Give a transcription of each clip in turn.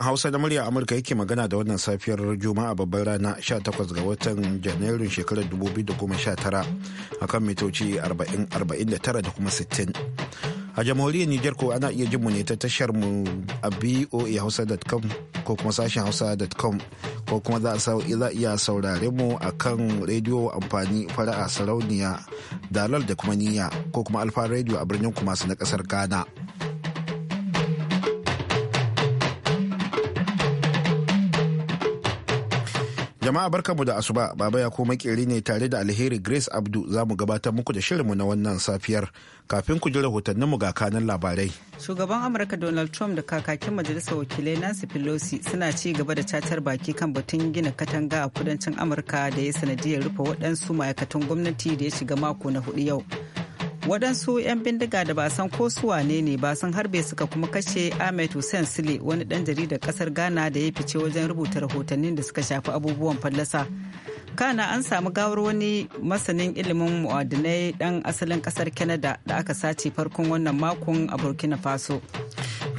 Hausa na murya Amurka yake magana da wannan safiyar Juma'a babbar rana 18 ga watan Janairun shekarar 2019 kan mitoci 40-49 da kuma 60. A jamhuriyar Nijar ko ana iya jin mu ne ta tashar mu a boahausa.com ko kuma sashen hausa.com ko kuma za a iya saurare mu a kan rediyo amfani fara'a sarauniya dalar da kuma niyya ko kuma alfa rediyo a birnin kumas na kasar Ghana. Jama'a barkamu da asuba, baba ya koma makeri ne tare da alheri Grace Abdu za mu gabatar muku da shirinmu na wannan safiyar kafin ku ji rahotannin mu ga kanan labarai. Shugaban Amurka Donald Trump da kakakin majalisar wakilai Nancy Pelosi suna ci gaba da catar baki kan batun gina katanga a kudancin Amurka da ya sanadiyar rufe waɗansu ma'aikatan gwamnati da ya shiga mako na hudu yau. waɗansu 'yan bindiga da ba san ko su wane ne ba sun harbe suka kuma kashe ahmed hussein sile wani ɗan jaridar ƙasar ghana da ya fice wajen rubuta rahotannin da suka shafi abubuwan fallasa kana an samu gawar wani masanin ilimin mu'adinai ɗan asalin ƙasar canada da aka sace farkon wannan makon a burkina faso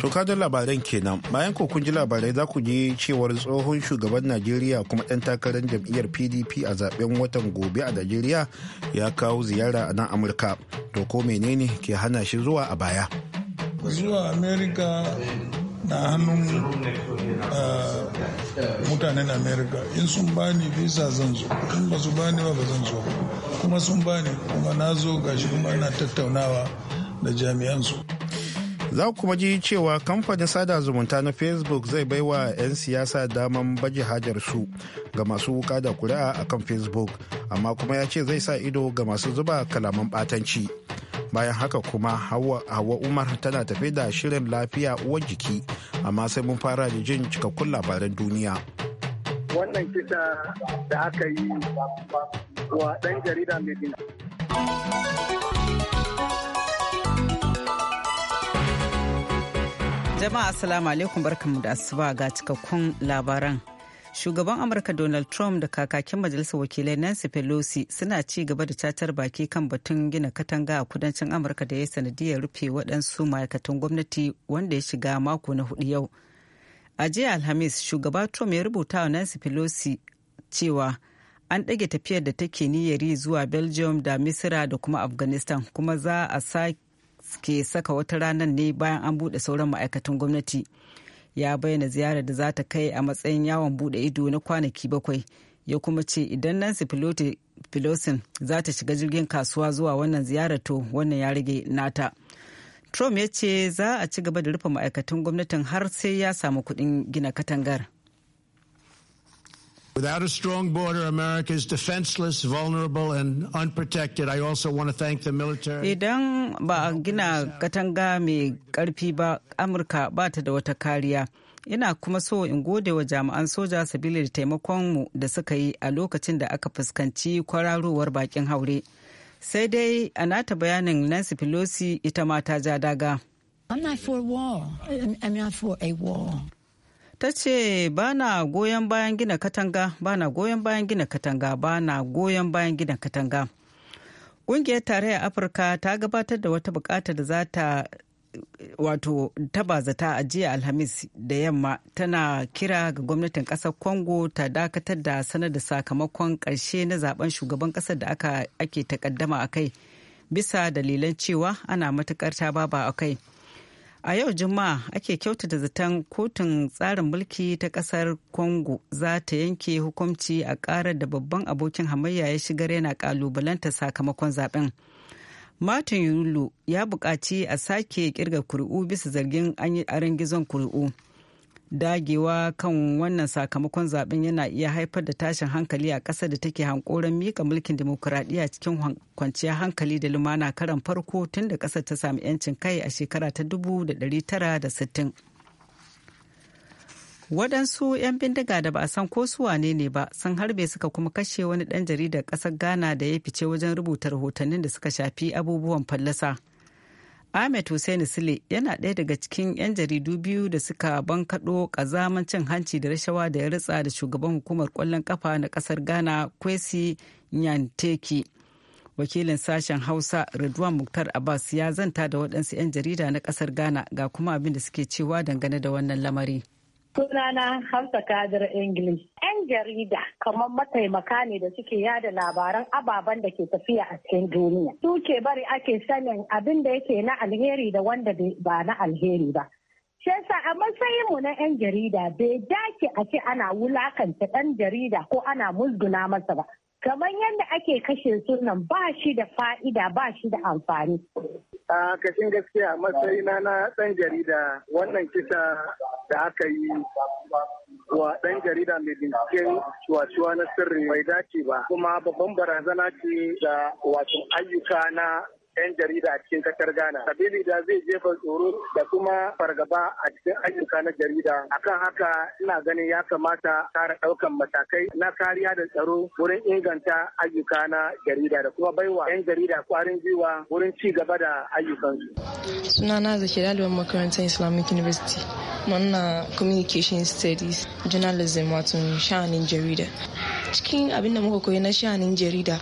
To kadar labaran kenan bayan ko kun ji labarai za ku ji cewar tsohon shugaban Najeriya kuma ɗan takarar jam'iyyar PDP a zaben watan gobe a Najeriya ya kawo ziyara a nan Amurka. To ko menene ke hana shi zuwa a baya? Zuwa Amerika na hannun eh, mutanen Amerika in sun bani visa zan zo in ba su bani ba ba zan zo kuma sun bani kuma na zo gashi kuma ina tattaunawa da jami'an su. za kuma ji cewa kamfanin sada zumunta na facebook zai baiwa 'yan siyasa daman baje hajar su ga masu wuka da kuri'a a kan facebook amma kuma ya ce zai sa ido ga masu zuba kalaman batanci bayan haka kuma hawa umar tana tafi da shirin lafiya uwar jiki amma sai mun fara da jin cikakkun labaran duniya wannan kisa da aka yi wa ɗan jarida mai Jama'a Assalamu alaikum barkamu da asuba ga cikakkun labaran. Shugaban Amurka Donald Trump da kakakin Majalisar Wakilai Nancy Pelosi suna ci gaba da catar baki kan batun gina katanga a kudancin Amurka da ya sanadiyar rufe waɗansu ma'aikatan gwamnati wanda ya shiga mako na hudu yau. A jiya Alhamis, shugaba Trump ya rubuta wa Nancy Pelosi cewa an ɗage tafiyar da take niyyari zuwa belgium da misira da kuma afghanistan kuma za a sake ke saka wata ranar ne bayan an buɗe sauran ma'aikatan gwamnati ya bayyana ziyarar da za ta kai a matsayin yawon buɗe ido na kwanaki bakwai ya kuma ce idan nancy pelosi za ta shiga jirgin kasuwa zuwa wannan ziyarar to wannan ya rage nata trump ya ce za a ci gaba da rufe ma'aikatan gwamnatin har sai ya samu kuɗin gina katangar. Without a strong border, America is defenseless, vulnerable, and unprotected. I also want to thank the military. Idan ba a gina katanga mai ƙarfi ba, Amurka ba ta da wata kariya. Ina kuma so in gode wa jami'an soja sabili da taimakonmu da suka yi a lokacin da aka fuskanci kwararowar bakin haure. Sai dai a nata bayanin Nancy Pelosi ita ma ta ja daga. I'm not for war. I'm not for a war. ta ce ba na goyon bayan gina katanga ba na goyon bayan gina katanga ba na goyon bayan gina katanga ƙungiyar tarayyar afirka ta gabatar da wata buƙatar da za ta wato ta bazata a jiya alhamis da yamma tana kira ga gwamnatin kasar congo ta dakatar da sanar da sakamakon karshe na zaben shugaban kasar da aka ake takaddama a kai bisa dalilan cewa ana matukar ta baba a kai a yau juma'a ake kyautata zaton kotun tsarin mulki ta kasar congo za ta yanke hukunci a karar da babban abokin hamayya ya shigar yana kalubalanta sakamakon zaben martin yulu ya buƙaci a sake kirga kuri'u bisa zargin an yi gizon kuri'u dagewa kan wannan sakamakon zaben yana iya haifar da tashin hankali a ƙasar da take hankoron mika mulkin demokuraɗiyya cikin kwanciyar hankali da lumana karan farko tun da ƙasar ta sami 'yancin kai a shekara ta 1960. wadansu 'yan bindiga da ba a san ko su wane ne ba sun harbe suka kuma kashe wani ɗan jaridar ƙasar ghana da ya fice wajen rubuta rahotannin da suka shafi abubuwan fallasa Ahmed Hussein Sile yana ɗaya daga cikin 'yan jaridu biyu da suka bankaɗo ƙazaman cin hanci da rashawa da ya ritsa da shugaban hukumar ƙwallon ƙafa na ƙasar Ghana Kwesi Nyanteki. Wakilin sashen Hausa Ridwan Muktar Abbas ya zanta da waɗansu 'yan jarida na ƙasar Ghana ga kuma abin da suke cewa dangane da wannan lamari. Sunana Hafsa Kadir English. 'Yan jarida kamar mataimaka ne da suke yada labaran ababen da ke tafiya a cikin duniya. Su bari ake sanin abin da yake na alheri da wanda ba na alheri ba. Shi yasa a matsayin na 'yan jarida bai dace a ce ana wulakanta ɗan jarida ko ana musguna masa ba. kamar yadda ake kashe sunan ba shi da fa'ida ba shi da amfani. A kashin gaskiya matsayi na na ɗan jarida wannan kisa da aka yi wa ɗan jarida mai binciken wasuwa na sirri bai dace ba kuma babban barazana ce da wasu ayyuka na 'yan jarida a cikin kasar Ghana. Sabili da zai jefa tsoro da kuma fargaba a cikin ayyuka na jarida. Akan haka ina ganin ya kamata kara ɗaukan matakai na kariya da tsaro wurin inganta ayyuka na jarida da kuma baiwa 'yan jarida kwarin gwiwa wurin ci gaba da ayyukansu. Sunana Zaki Aliban makarantar Islamic University. Manna Communication Studies, Journalism wato sha'anin jarida. Cikin abin da muka koyi na sha'anin jarida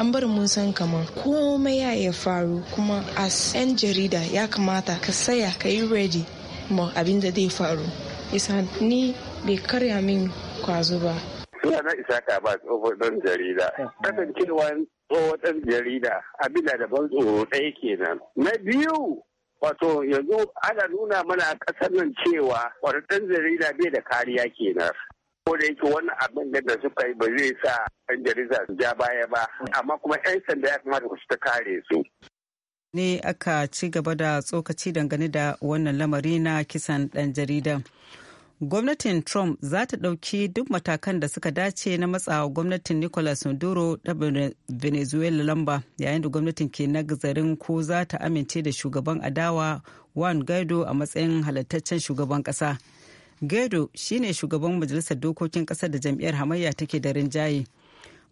an bar mun san kaman komai ya iya faru kuma as 'yan jarida ya kamata ka saya ka yi ready ma abin da zai faru isa ni bai karya min kwazo ba suna na isa ka ba tsohon jarida kasancewa tsohon ɗan jarida abin da ban tsoro ɗaya kenan na biyu wato yanzu ana nuna mana a ƙasar nan cewa wani ɗan jarida bai da kariya kenan ko da yake wannan abin da suka yi ba zai sa yan jarida su ja baya ba amma kuma yan sanda ya kamata su ta kare su ne aka ci gaba da tsokaci dangane da wannan lamari na kisan ɗan jarida. Gwamnatin Trump za ta ɗauki duk matakan da suka dace na matsawa gwamnatin Nicolas Maduro da Venezuela lamba yayin da gwamnatin ke nazarin ko za ta amince da shugaban adawa Juan Guaido a matsayin halattaccen shugaban ƙasa. gado shine shugaban majalisar dokokin kasar da jam'iyyar hamayya take da rinjaye.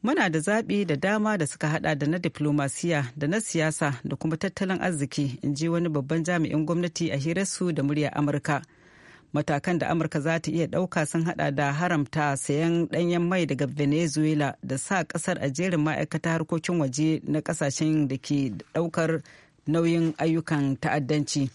Muna da zaɓi da dama da suka hada da na diplomasiya da na siyasa da kuma tattalin arziki, in ji wani babban jami'in gwamnati a hirar su da murya Amurka. Matakan da Amurka za ta iya ɗauka sun hada da haramta sayan ɗanyen mai daga Venezuela da sa ƙasar a jerin ma'aikata harkokin waje na ƙasashen da ke ɗaukar nauyin ayyukan ta'addanci.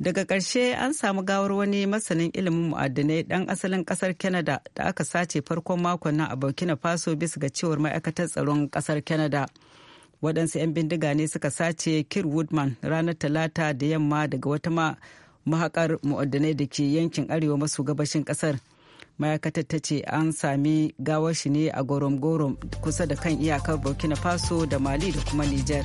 daga ƙarshe an samu gawar wani masanin ilimin mu'addinai ɗan asalin ƙasar canada da aka sace farkon makon nan a burkina faso bisa ga cewar ma'aikatar tsaron ƙasar canada waɗansu 'yan bindiga ne suka sace kir woodman ranar talata da yamma daga wata mahaƙar mu'addinai da ke yankin arewa maso gabashin ƙasar ma'aikatar ta ce an sami gawar shi ne a gorom-gorom kusa da kan iyakar burkina faso da mali da kuma niger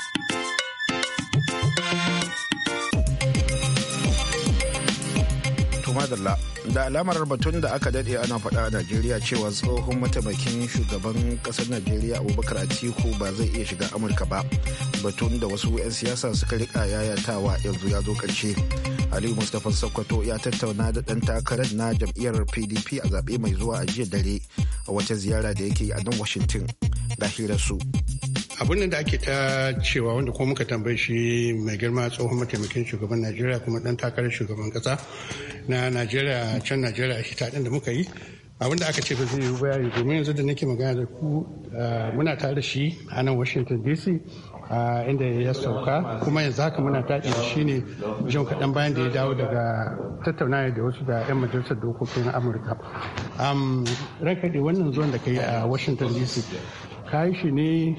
kuma da alamar batun da aka dade ana faɗa a najeriya cewa tsohon mataimakin shugaban ƙasar najeriya abubakar atiku ba zai iya shiga amurka ba batun da wasu 'yan siyasa suka rika yayatawa yanzu ya zo ƙarshe aliyu mustapha sokoto ya tattauna da ɗan takarar na jam'iyyar pdp a zaɓe mai zuwa a jiya dare a wata ziyara da yake a nan washington da su abin da ake ta cewa wanda kuma muka tambaye shi mai girma tsohon mataimakin shugaban najeriya kuma dan takarar shugaban kasa na najeriya can najeriya a hitaɗin da muka yi abin da aka ce ba zai yi bayani domin yanzu da nake magana da ku ah, muna tare da shi a nan washington dc ah, inda ya sauka kuma yanzu haka muna taɗi da shi ne jin kaɗan bayan da ya dawo daga tattaunawa da wasu da 'yan majalisar dokokin amurka ranka wannan zuwan da ka yi a washington dc ka yi shi ne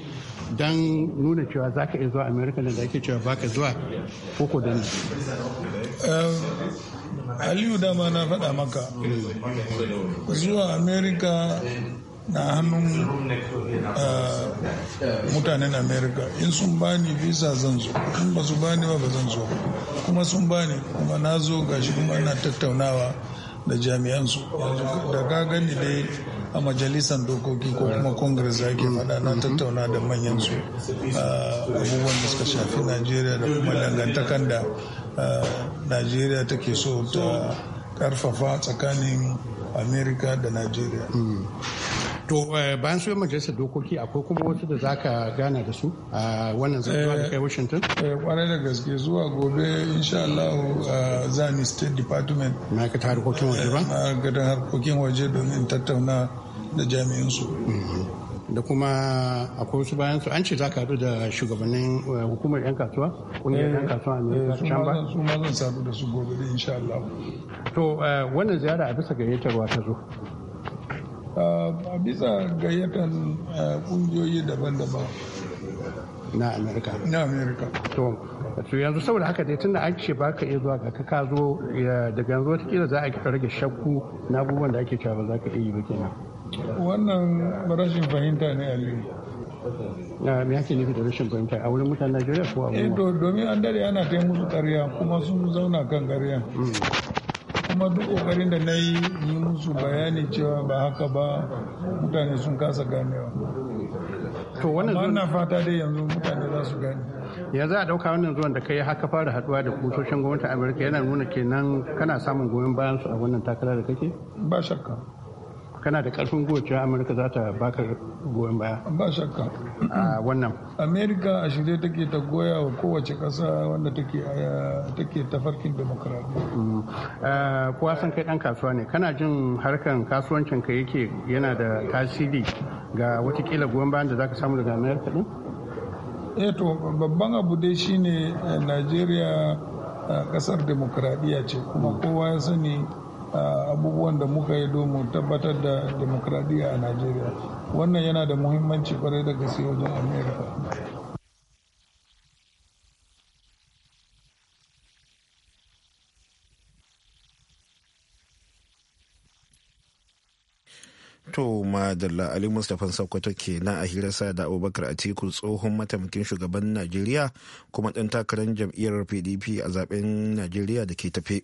don nuna cewa za ka iya zuwa amerika da ake cewa baka zuwa koko da ni eh, aliyu dama na faɗa maka hmm. zuwa amerika na hannun eh, mutanen amerika in sun bani visa zan zo in ba su bani ba ba zan zo kuma sun bani kuma na zo gashi kuma na tattaunawa da su da ka gani dai a majalisar dokoki ko kuma congress da ke faɗa na tattauna da manyan su abubuwan da suka shafi najeriya da kuma dangantakan da najeriya take so ta karfafa tsakanin america da najeriya mm. To eh, bayan su majalisar dokoki akwai kuma wasu da zaka gana da su a wannan zuwa da kai eh, Washington? Eh, kwarai da gaske zuwa gobe insha Allah za ni State Department. Ma'aikatar harkokin waje ba? Ma'aikatar harkokin waje domin tattauna da jami'in su. Mm-hmm. da kuma akwai wasu bayan su an ce za ka haɗu da shugabannin hukumar 'yan kasuwa ƙungiyar 'yan kasuwa ne. su ma zan sadu da su gobe da insha Allah to wannan ziyara a bisa gayyatarwa ta zo a bisa gayyatar kungiyoyi daban-daban na amerika na amerika to yanzu saboda haka dai tunda an ce baka iya zuwa ga ka ka zo daga yanzu watakila za a rage shakku na abubuwan da ake cewa ba za ka iya yi ba kenan wannan rashin fahimta ne aliyu na me ake nufi da rashin fahimta a wurin mutanen najeriya ko a wurin eh, domin an dare ana taimaka musu karya kuma sun zauna kan karya mm. kuma duk kokarin da na yi musu bayani cewa ba haka ba mutane sun kasa ganewa to wannan zuwan na fata dai yanzu mutane za su gane ya a dauka wannan zuwan da kai haka fara haduwa da kusoshin gwamnatin amurka yana nuna kenan kana samun goyon bayan su a wannan takarar da kake ba shakka kana da karfin cewa amurka za ta baka goyon baya ba shakka a wannan amerika a shirye take ta goya wa kowace kasa wanda take take tafarkin demokradiyya mm. kowa san kai dan kasuwa ne kana jin harkan kasuwancin ka yake yana da tasiri ga watakila goyon bayan da zaka samu daga amerika din eh to babban abu dai shine eh, najeriya kasar eh, demokradiyya ce kuma mm. kowa ya sani abubuwan da muka yi domin tabbatar da demokradiyya a najeriya wannan yana da muhimmanci kwarai da gaske wajen america to madalla ali mustapha sokoto ke na a hirarsa da abubakar a atiku tsohon mataimakin shugaban najeriya kuma ɗan takarar jam'iyyar pdp a zaben najeriya da ke tafe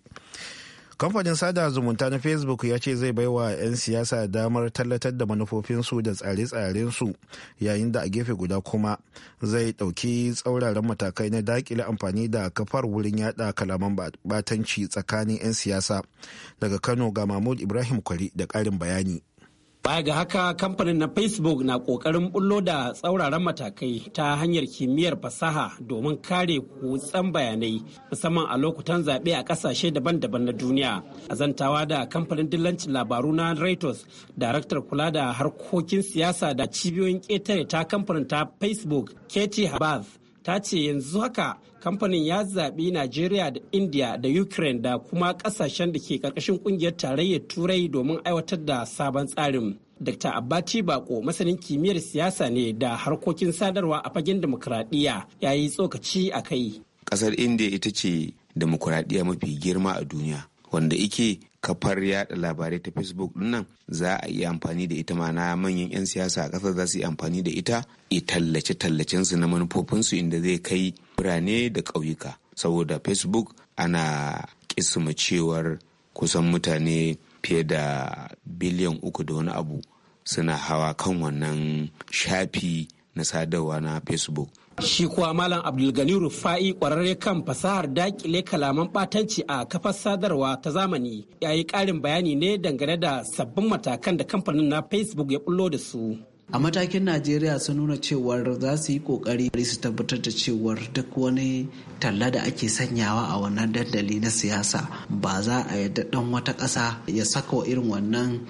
kamfanin sada zumunta na facebook ya ce zai baiwa 'yan siyasa damar tallatar da manufofinsu da tsare-tsarensu yayin da a gefe guda kuma zai ɗauki tsauraran matakai na dakile amfani da kafar wurin yada kalaman batanci tsakanin 'yan siyasa daga kano ga mahmud ibrahim kwari da ƙarin bayani Baya ga haka kamfanin na Facebook na kokarin bullo da tsauraran matakai ta hanyar kimiyyar fasaha domin kare kutsan bayanai musamman a lokutan zaɓe a ƙasashe daban-daban na duniya. A zantawa da kamfanin dillancin labaru na Reuters, daraktar kula da harkokin siyasa da cibiyoyin ƙetare ta kamfanin ta Facebook, Katie Habath, ta ce yanzu haka kamfanin ya zaɓi Najeriya da India da Ukraine da kuma ƙasashen da ke ƙarƙashin ƙungiyar tarayyar Turai domin aiwatar da sabon tsarin. Dr. Abbati Bako masanin kimiyyar siyasa ne da harkokin sadarwa a fagen demokuraɗiyya ya yi tsokaci a kai. Ƙasar India ita ce demokuraɗiyya mafi girma a duniya wanda ike kafar yada labarai ta facebook dinnan za a iya amfani da ita mana manyan 'yan siyasa a kasar za su yi amfani da ita i tallace su na manufofin su inda zai kai birane da ƙauyuka saboda facebook ana kisima cewar kusan mutane fiye da biliyan uku da wani abu suna hawa kan wannan shafi na sadarwa na facebook Shi kuwa Malam Abdulgani Rufa'i kwararre kan fasahar dakile kalaman ɓatanci a kafar sadarwa ta zamani ya yi ƙarin bayani ne dangane da sabbin matakan da kamfanin na Facebook ya bullo da su. a matakin najeriya sun nuna cewar za su yi kokari su tabbatar da cewar duk wani talla da ake sanyawa a wannan dandali na siyasa ba za a yadda dan wata ƙasa ya saka wa irin wannan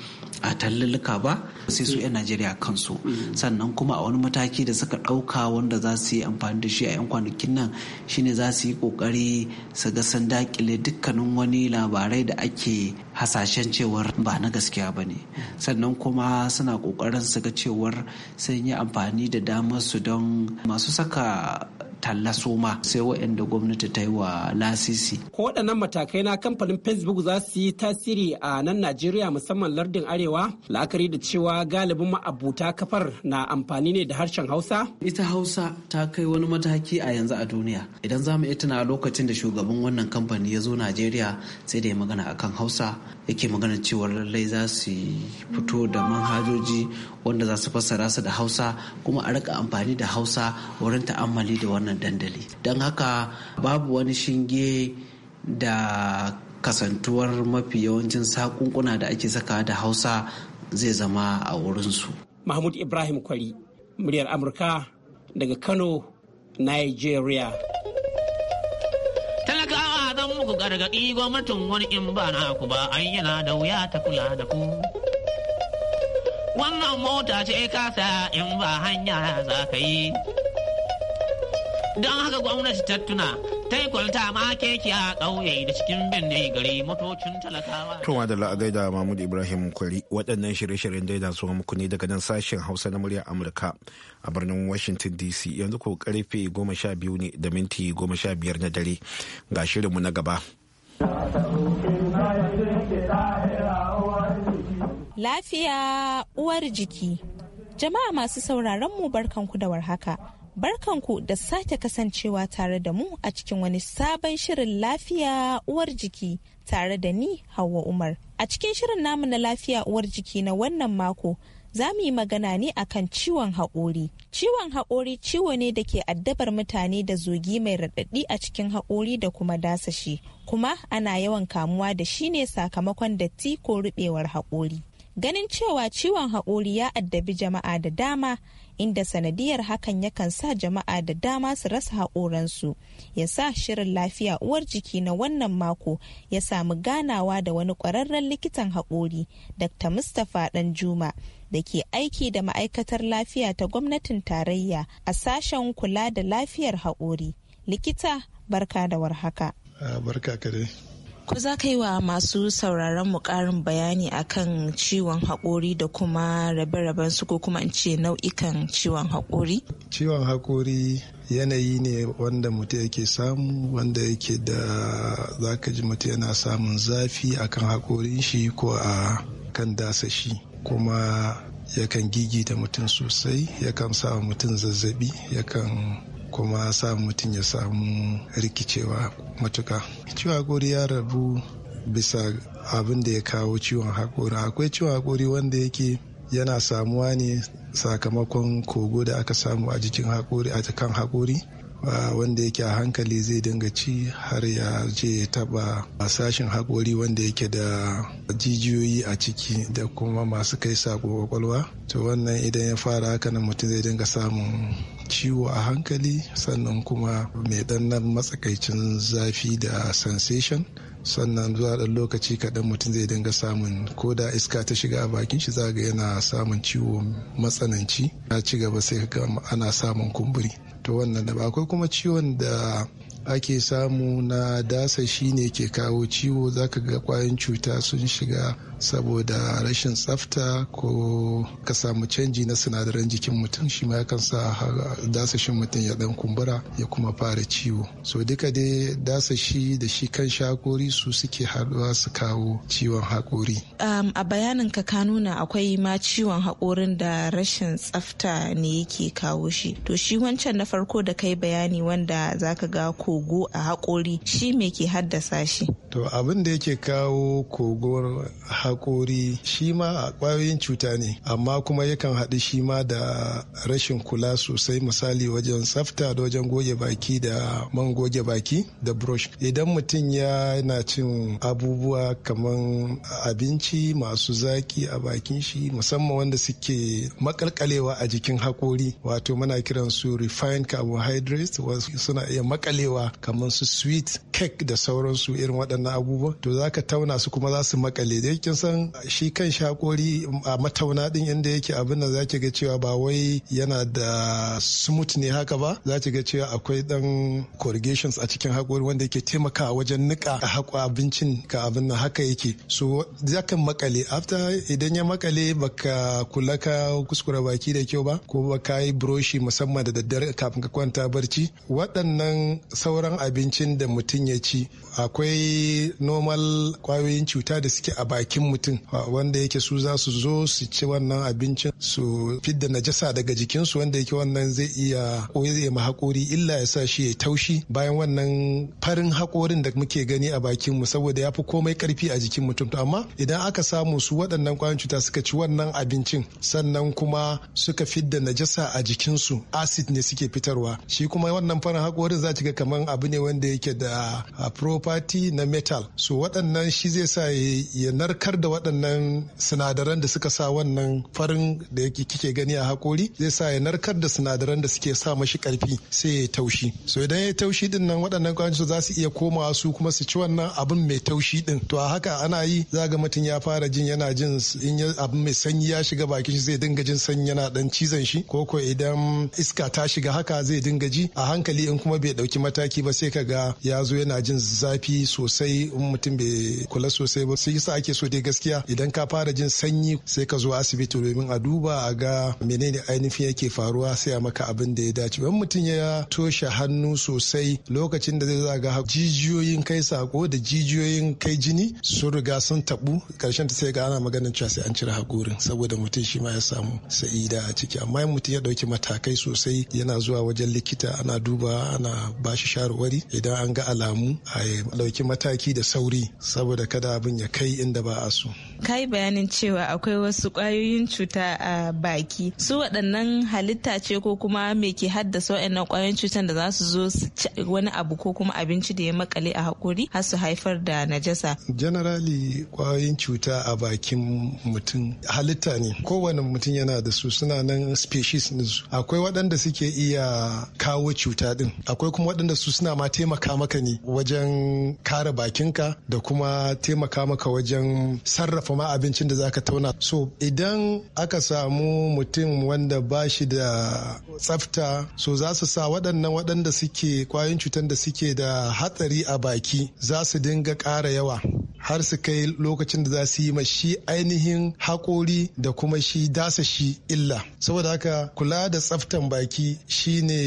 a tallulluka ba sai su 'yan najeriya kansu mm-hmm. sannan kuma a wani mataki da suka ɗauka wanda za su yi amfani da shi a 'yan kwanakin nan shine za su yi kokari su ga sun dakile dukkanin wani labarai da ake hasashen cewar ba na gaskiya ba ne sannan kuma suna ƙoƙarin su ga cewar sun yi amfani da damar su don masu saka talla suma sai waɗanda gwamnati ta yi wa lasisi. Ko waɗannan matakai na kamfanin Facebook za su yi tasiri a nan Najeriya musamman lardin Arewa la'akari da cewa galibin ma'abuta kafar na amfani ne da harshen Hausa? Ita Hausa ta kai wani mataki a yanzu a duniya. Idan za mu iya tuna lokacin da shugaban wannan kamfani ya zo Najeriya sai da ya magana akan Hausa yake magana cewa lallai za su fito da manhajoji wanda za su fassara su da hausa kuma a rika amfani da hausa wurin ta'ammali da wannan dandali don haka babu wani shinge da kasantuwar mafi yawancin sakunkuna da ake saka da hausa zai zama a wurinsu mahmud ibrahim kwari muryar amurka daga kano nigeria muku gargaɗi gwamnatin wani in ba na ku ba ai yana da wuya ta kula da ku. Wannan mota ce kasa in ba hanya za ka yi. Don haka gwamnati ta tuna taikulta ma keke a ƙauye da cikin birni gari motocin talakawa. To da la'agai da Mahmud Ibrahim Kwari waɗannan shirye-shiryen daida su muku ne daga nan sashen Hausa na murya Amurka a birnin Washington DC yanzu ko karfe goma sha biyu ne da minti goma sha biyar na dare ga shirinmu na gaba. Lafiya uwar jiki. Jama'a masu sauraron mu barkanku da warhaka. barkanku da sake kasancewa tare da mu a cikin wani sabon shirin lafiya uwar jiki tare da ni Hauwa Umar. A cikin shirin namu na lafiya uwar jiki na wannan mako za mu yi magana ne akan ciwon haƙori. Ciwon haƙori ciwo ne da ke addabar mutane da zogi mai raɗaɗi a cikin haƙori da kuma dasashi, kuma ana yawan kamuwa da shi ne sakamakon datti ko ruɓewar haƙori. ganin cewa ciwon haƙori ya addabi jama'a da dama inda sanadiyar hakan yakan sa jama'a da dama su rasa haƙoransu ya sa shirin lafiya uwar jiki na wannan mako ya samu ganawa da wani ƙwararren likitan haƙori dr mustapha danjuma da ke aiki da ma'aikatar lafiya ta gwamnatin tarayya a sashen kula da lafiyar haƙori likita barka da warhaka ah, Ko za ka yi wa masu sauraron mu ƙarin bayani akan ciwon haƙori da kuma rabe-raben su ko kuma in ce nau'ikan ciwon haƙori? Ciwon haƙori yanayi ne wanda mutum yake samu wanda yake da za ka ji mutum yana samun zafi akan haƙorin shi ko a kan dasa shi kuma yakan gigita mutum sosai yakan sa mutum zazzabi yakan kuma sa mutum ya samu rikicewa matuka ciwon hakori ya rabu bisa abin da ya kawo ciwon hakori akwai ciwon hakori wanda yake yana samuwa ne sakamakon kogo da aka samu a jikin hakori a kan hakori wanda yake a hankali zai dinga ci har ya je ya taba sashen haƙori wanda yake da jijiyoyi a ciki da kuma masu kai sako kwakwalwa to wannan idan ya fara haka nan mutum zai dinga samun ciwo a hankali sannan kuma mai ɗannan matsakaicin zafi da sensation sannan zuwa ɗan lokaci kaɗan mutum zai dinga samun ko da iska ta shiga a bakin shi za ga yana samun ciwo matsananci ya ci gaba sai ga ana samun kumburi to wannan da ba akwai kuma ciwon da ake samu na dasa ne ke kawo ciwo zaka ga kwayan cuta sun shiga saboda rashin tsafta ko ka samu canji na sinadaran jikin mutum shi ma yakan sa dasa shi mutum ya dan kumbura ya kuma fara ciwo so duka dai shi da shi kan shakori su suke haɗuwa su kawo ciwon haƙori um, a bayanin ka ka nuna akwai ma ciwon haƙorin da rashin tsafta ne yake kawo shi to shi wancan na farko da kai bayani wanda zaka ga ko kogo a haƙori shi me ke haddasa shi to abin da yake kawo kogon haƙori shi ma a ƙwayoyin cuta ne amma kuma yakan haɗu shi ma da rashin kula sosai misali wajen tsafta da wajen goge baki da man goge baki da brush idan mutum ya na cin abubuwa kamar abinci masu zaki a bakin shi musamman wanda suke makalkalewa a jikin haƙori wato muna kiran su refined carbohydrates suna iya makalewa yawa kamar su sweet cake da sauransu irin waɗannan abubuwa to za ka tauna su kuma za su makale da yakin san shi kan shakori mm, a matauna din inda yake abin da za ki ga cewa ba wai yana da smooth ne haka ba za ki ga cewa akwai dan corrugations a cikin hakori wanda yake taimakawa wajen nika a haƙo abincin ka abin nan haka yake so za ka makale after idan ya makale baka kula ka kuskura baki da kyau ba ko ba ka yi broshi musamman da daddare kafin ka kwanta barci waɗannan sauran abincin da mutum ya ci akwai normal kwayoyin cuta da suke a bakin mutum wanda yake su za su zo su ci wannan abincin su fidda najasa daga jikinsu wanda yake wannan zai iya zai ma haƙori illa ya sa shi ya taushi bayan wannan farin haƙorin da muke gani a bakin mu saboda ya fi komai karfi a jikin mutum to amma idan aka samu su waɗannan kwayoyin cuta suka ci wannan abincin sannan kuma suka fidda najasa a jikinsu acid ne suke fitarwa shi kuma wannan farin haƙorin za ci ga kamar kaman abu ne wanda yake da ah, property na metal so waɗannan shi zai sa ya narkar da waɗannan sinadaran da suka sa wannan farin da yake kike gani a hakori zai sa ya narkar da sinadaran da suke sa mashi karfi sai ya taushi so idan ya taushi din nan waɗannan kwanci za su iya komawa su kuma su ci wannan abin mai taushi din to a haka ana yi za ga mutum ya fara jin yana jin in abin mai sanyi ya shiga bakin shi zai dinga jin sanyi yana dan cizon shi ko ko idan iska ta shiga haka zai dinga ji a hankali in kuma bai dauki mataki mataki ba sai ka ga ya zo yana jin zafi sosai in mutum bai kula sosai ba sai yasa ake so dai gaskiya idan ka fara jin sanyi sai ka zo asibiti domin a duba a ga menene ainihin yake faruwa sai a maka abin da ya dace in mutum ya toshe hannu sosai lokacin da zai zaga jijiyoyin kai sako da jijiyoyin kai jini sun riga sun tabu karshen ta sai ga ana maganin cewa sai an cire hakorin saboda mutum shi ma ya samu sa'ida a ciki amma mutum ya dauki matakai sosai yana zuwa wajen likita ana duba ana bashi shawarwari idan an ga alamu a ɗauki mataki da sauri saboda kada abin ya kai inda ba a so. Ka bayanin cewa akwai wasu ƙwayoyin cuta a baki. Su waɗannan halitta ce ko kuma me ke haddasa waɗannan ƙwayoyin cutan da za su zo su ci wani abu ko kuma abinci da ya makale a hakuri har su haifar da najasa. Generally ƙwayoyin cuta a bakin mutum halitta ne. Kowane mutum yana da su suna nan species Akwai waɗanda suke iya kawo cuta din Akwai kuma waɗanda su su suna ma taimaka maka ne wajen kare bakinka da kuma taimaka maka wajen sarrafa ma abincin da zaka tauna so idan aka samu mutum wanda ba da tsafta so za su sa waɗannan waɗanda suke kwayoyin cutar da suke da hatsari a baki za su dinga ƙara yawa har su kai lokacin da za su yi ma shi ainihin haƙori da kuma shi dasa shi illa saboda haka kula da tsaftan baki shine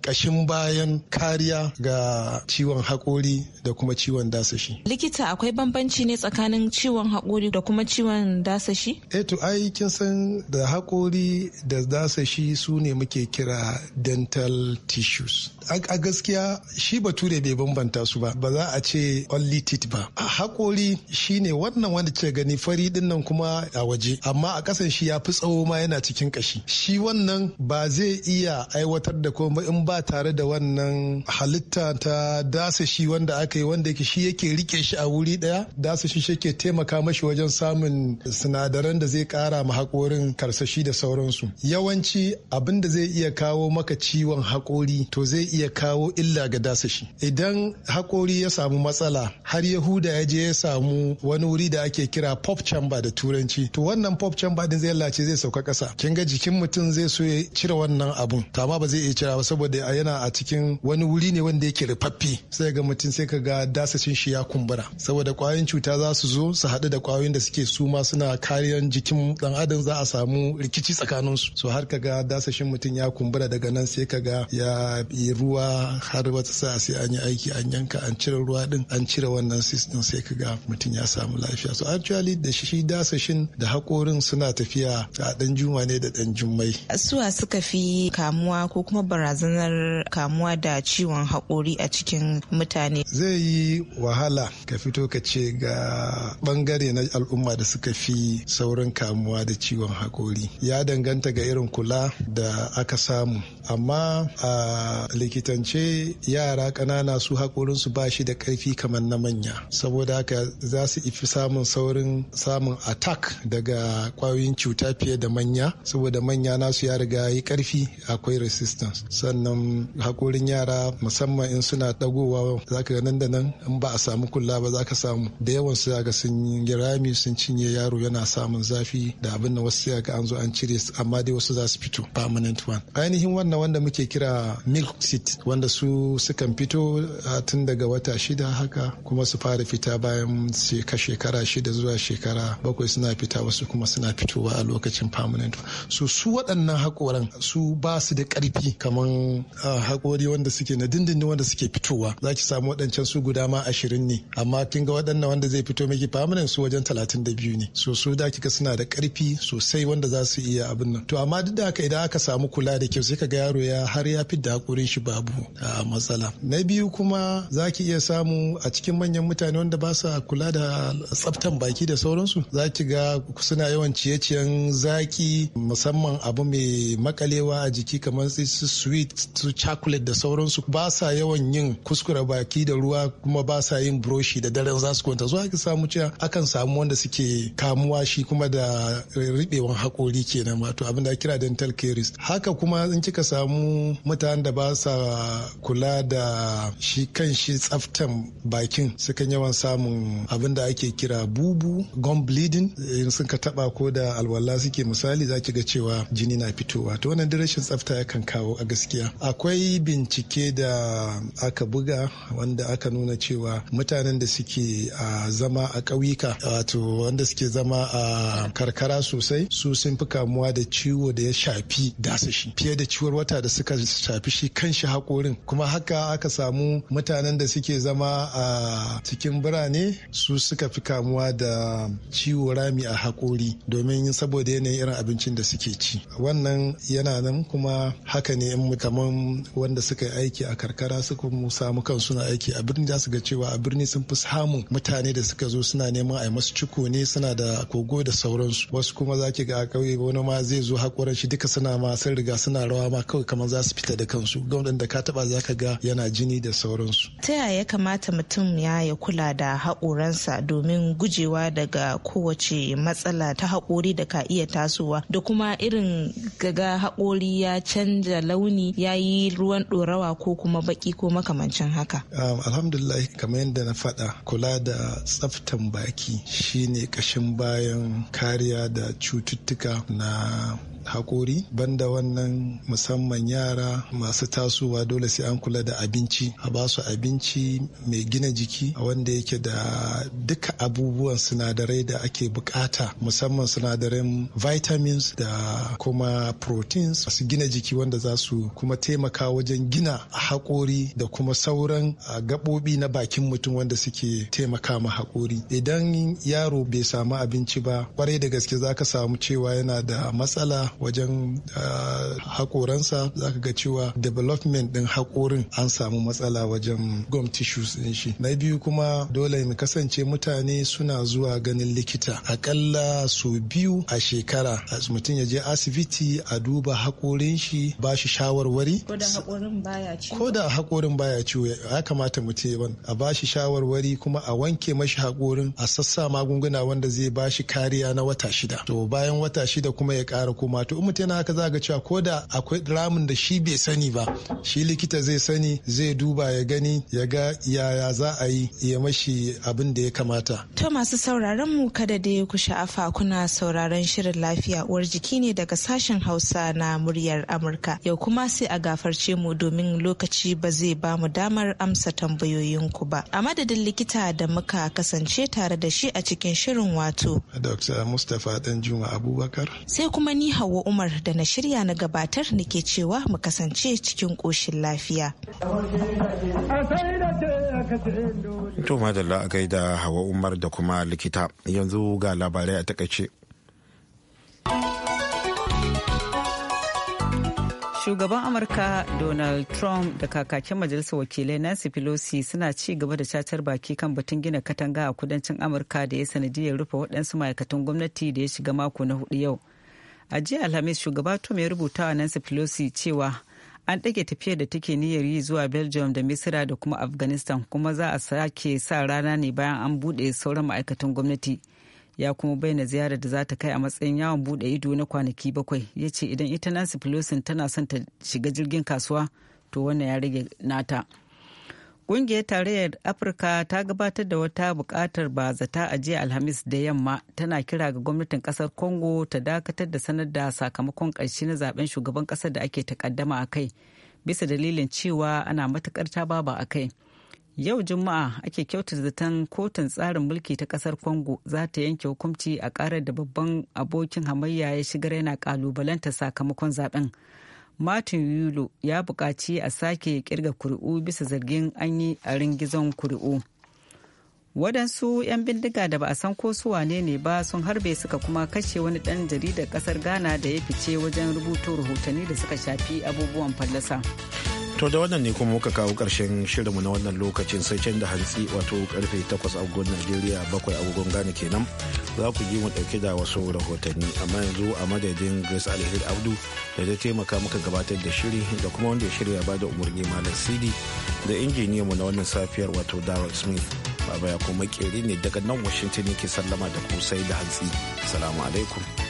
ƙashin bayan kariya ga ciwon haƙori da kuma ciwon dasa shi likita akwai bambanci ne tsakanin ciwon haƙori da kuma ciwon dasa shi eh to ai kin san da haƙori da dasa shi su ne muke kira dental tissues a gaskiya shi bature bai bambanta su ba ba za a ce only teeth ba haƙori tsauri shine wannan wanda ke gani fari din kuma a waje amma a kasan shi ya fi tsawo ma yana cikin kashi shi wannan ba zai iya aiwatar da komai in ba tare da wannan halitta ta dasa shi wanda aka yi wanda yake shi yake rike shi a wuri daya dasa shi shi ke taimaka mashi wajen samun sinadaran da zai kara ma haƙorin karsashi da sauransu yawanci abin da zai iya kawo maka ciwon haƙori to zai iya kawo illa ga dasa shi idan haƙori ya samu matsala har yahuda ya je ya samu wani wuri da ake kira pop chamber da turanci to wannan pop chamber din zai lalace zai sauka kasa kin ga jikin mutum zai so ya cire wannan abun to amma ba zai iya cira ba saboda yana a cikin wani wuri ne wanda yake rufaffe sai ga mutum sai kaga ga dasashin shi ya kumbura saboda kwayoyin cuta za su zo su haɗu da kwayoyin da suke suma suna kariyan jikin dan adam za a samu rikici tsakanin su so har ka ga dasashin mutum ya kumbura daga nan sai ka ga ya yi ruwa har wata sai an yi aiki an yanka an cire ruwa din an cire wannan sis din sai ka lafiya mutum ya samu lafiya so actually da shi dasashin da haƙorin suna tafiya a ɗan juma ne da ɗan jummai suwa suka fi kamuwa ko kuma barazanar kamuwa da ciwon hakori a cikin mutane zai yi wahala ka fito ka ce ga bangare na al'umma da suka fi saurin kamuwa da ciwon hakori ya danganta ga irin kula da aka samu amma a likitance yara ƙanana su haƙorinsu ba shi da ƙarfi kamar na manya saboda haka za su ifi samun saurin samun attack daga kwayoyin cuta fiye da manya saboda manya nasu ya riga yi karfi akwai resistance sannan hakorin yara musamman in suna dagowa zaka ga nan da nan in ba a samu kula ba zaka samu da yawan su ga sun yi rami sun cinye yaro yana samun zafi da abin da wasu ga an zo an cire amma dai wasu za su fito permanent one ainihin wannan wanda muke kira milk seat wanda su sukan fito ah, tun daga wata shida haka kuma su fara fita bayan bayan ka shekara shida zuwa shekara bakwai suna fita wasu kuma suna fitowa a lokacin permanent so su waɗannan haƙoran su ba su da ƙarfi kamar haƙori wanda suke na dindindin wanda suke fitowa za ki samu waɗancan su guda ma ashirin ne amma kin ga waɗannan wanda zai fito miki permanent su wajen talatin da biyu ne so su da kika suna da ƙarfi sosai wanda za su iya abin nan to amma duk da haka idan aka samu kula da kyau sai ka ga yaro ya har ya fidda haƙorin shi babu a matsala na biyu kuma za ki iya samu a cikin manyan mutane wanda ba sa sa kula da tsaftan baki da sauransu za ki ga suna yawan ciye-ciyen zaki musamman abu mai makalewa a jiki kamar su sweet su chocolate da sauransu ba sa yawan yin kuskure baki da ruwa kuma ba sa yin broshi da daren za su kwanta zuwa ki samu cewa akan samu wanda suke kamuwa shi kuma da ribewan hakori kenan wato abin da kira dental caries haka kuma in kika samu mutanen da ba sa kula da shi kan shi tsaftan bakin sukan yawan samun abin da ake kira bubu gum bleeding in sun ka taba ko da alwala suke misali za ki ga cewa jini na fitowa to wannan rashin tsafta yakan kawo a gaskiya akwai bincike da aka buga wanda aka nuna cewa mutanen da suke zama a ƙauyuka wato wanda suke zama a karkara sosai su sun fi kamuwa da ciwo da ya shafi dasashi fiye da ciwon wata da suka shafi shi kanshi hakorin kuma haka aka samu mutanen da suke zama a cikin birane su suka fi kamuwa da ciwo rami a haƙori domin saboda yanayin irin abincin da suke ci wannan yana nan kuma haka ne in kaman wanda suka yi aiki a karkara suka samu kan suna aiki a birni za su ga cewa a birni sun fi samun mutane da suka zo suna neman a yi masu ciko ne suna da kogo da sauransu wasu kuma za ki ga a ƙauye wani ma zai zo haƙoran shi duka suna ma sun riga suna rawa ma kawai kamar za su fita da kansu gwamnan da ka taba za ka ga yana jini da sauransu ta yaya ya kamata mutum ya ya kula da haƙoransa domin gujewa daga kowace matsala ta haƙori da ka iya tasowa da kuma irin gaga haƙori ya canja launi ya yi ruwan ɗorawa ko kuma baƙi ko makamancin haka. Um, alhamdulillah kamar yadda na faɗa kula da tsaftan baki shine ƙashin bayan kariya da cututtuka na hakori banda wannan musamman yara masu tasowa dole sai an kula da abinci a ba su abinci mai gina jiki wanda yake da duka abubuwan sinadarai da ake bukata musamman sinadarin vitamins da kuma proteins su gina jiki wanda za su kuma taimaka wajen gina hakori da kuma sauran ah, gaɓoɓi na bakin mutum wanda suke taimaka ma hakori idan yaro bai samu abinci ba kwarai da gaske za ka samu cewa yana da matsala wajen ah, hakoransa za ka ga cewa development ɗin hakorin an samu matsala wajen gum tissues ɗin shi na biyu kuma dole mu kasance mutane suna zuwa ganin likita aƙalla sau biyu a shekara mutum ya je asibiti a duba hakorin shi ba shi shawarwari ko da haƙorin baya ciwo ya kamata ban a ba shi shawarwari kuma a wanke mashi haƙorin a sassa magunguna wanda zai ba shi kariya na wata shida to bayan wata shida kuma ya kara kuma Wato to in mutum yana haka za ga cewa ko da akwai ramin da shi bai sani ba shi likita zai sani zai duba ya gani ya ga yaya za a yi ya mashi abin da ya kamata. To masu sauraron mu kada da ku afa kuna sauraron shirin lafiya uwar jiki ne daga sashen Hausa na muryar Amurka. Yau kuma sai a gafarce mu domin lokaci ba zai ba mu damar amsa tambayoyin ku ba. A madadin likita da muka kasance tare da shi a cikin shirin wato. Dr. Mustapha Danjuma Abubakar. Sai kuma ni Hauwa Hauwa Umar da na shirya na gabatar nake cewa mu kasance cikin ƙoshin lafiya. To madalla a gaida Hawa Umar da kuma likita yanzu ga labarai a takaice. Shugaban Amurka Donald Trump da kakakin Majalisar Wakilai Nancy Pelosi suna ci gaba da cacar baki kan batun gina katanga a kudancin Amurka da ya sanadiyar rufe waɗansu ma'aikatan gwamnati da ya shiga mako na hudu yau. a jiya alhamis shugaba tom ya rubuta wa nancy pelosi cewa an ɗage tafiyar da take niyyar yi zuwa belgium da misira da kuma afghanistan kuma za a sake sa rana ne bayan an buɗe sauran ma'aikatan gwamnati ya kuma bayyana ziyarar da za ta kai a matsayin yawon buɗe ido na kwanaki bakwai ya ce idan ita nancy pelosi tana son ta shiga jirgin kasuwa to wannan ya rage nata Ƙungiyar Tarayyar Afirka ta gabatar da wata buƙatar bazata a jiya Alhamis da yamma tana kira ga gwamnatin ƙasar Congo ta dakatar da sanar da sakamakon ƙarshe na zaben shugaban ƙasar da ake takaddama a kai bisa dalilin cewa ana matuƙar ta baba a kai. Yau Juma'a ake kyautar zaton kotun tsarin mulki ta ƙasar Congo za ta yanke hukunci a ƙarar da babban abokin hamayya ya shigar yana ƙalubalanta sakamakon zaben. martin yulo ya buƙaci a sake kirga kuri'u bisa zargin an yi a ringizon kuri'u wadansu 'yan bindiga da ba a san ko su wane ne ba sun harbe suka kuma kashe wani ɗan jaridar ƙasar ghana da ya fice wajen rubutu rahotanni da suka shafi abubuwan fallasa To da wannan ne kuma muka kawo ƙarshen shirinmu na wannan lokacin sai can da hantsi wato karfe 8 agogon Najeriya bakwai agogon Ghana kenan za ku ji mu ɗauke da wasu rahotanni amma yanzu a madadin Grace Alheri Abdu da zai taimaka muka gabatar da shiri da kuma wanda ya shirya ba da umarni Malam Sidi da injiniya mu na wannan safiyar wato Darrell Smith baba ya kuma makeri ne daga nan Washington yake sallama da kusai da hantsi. Assalamu alaikum.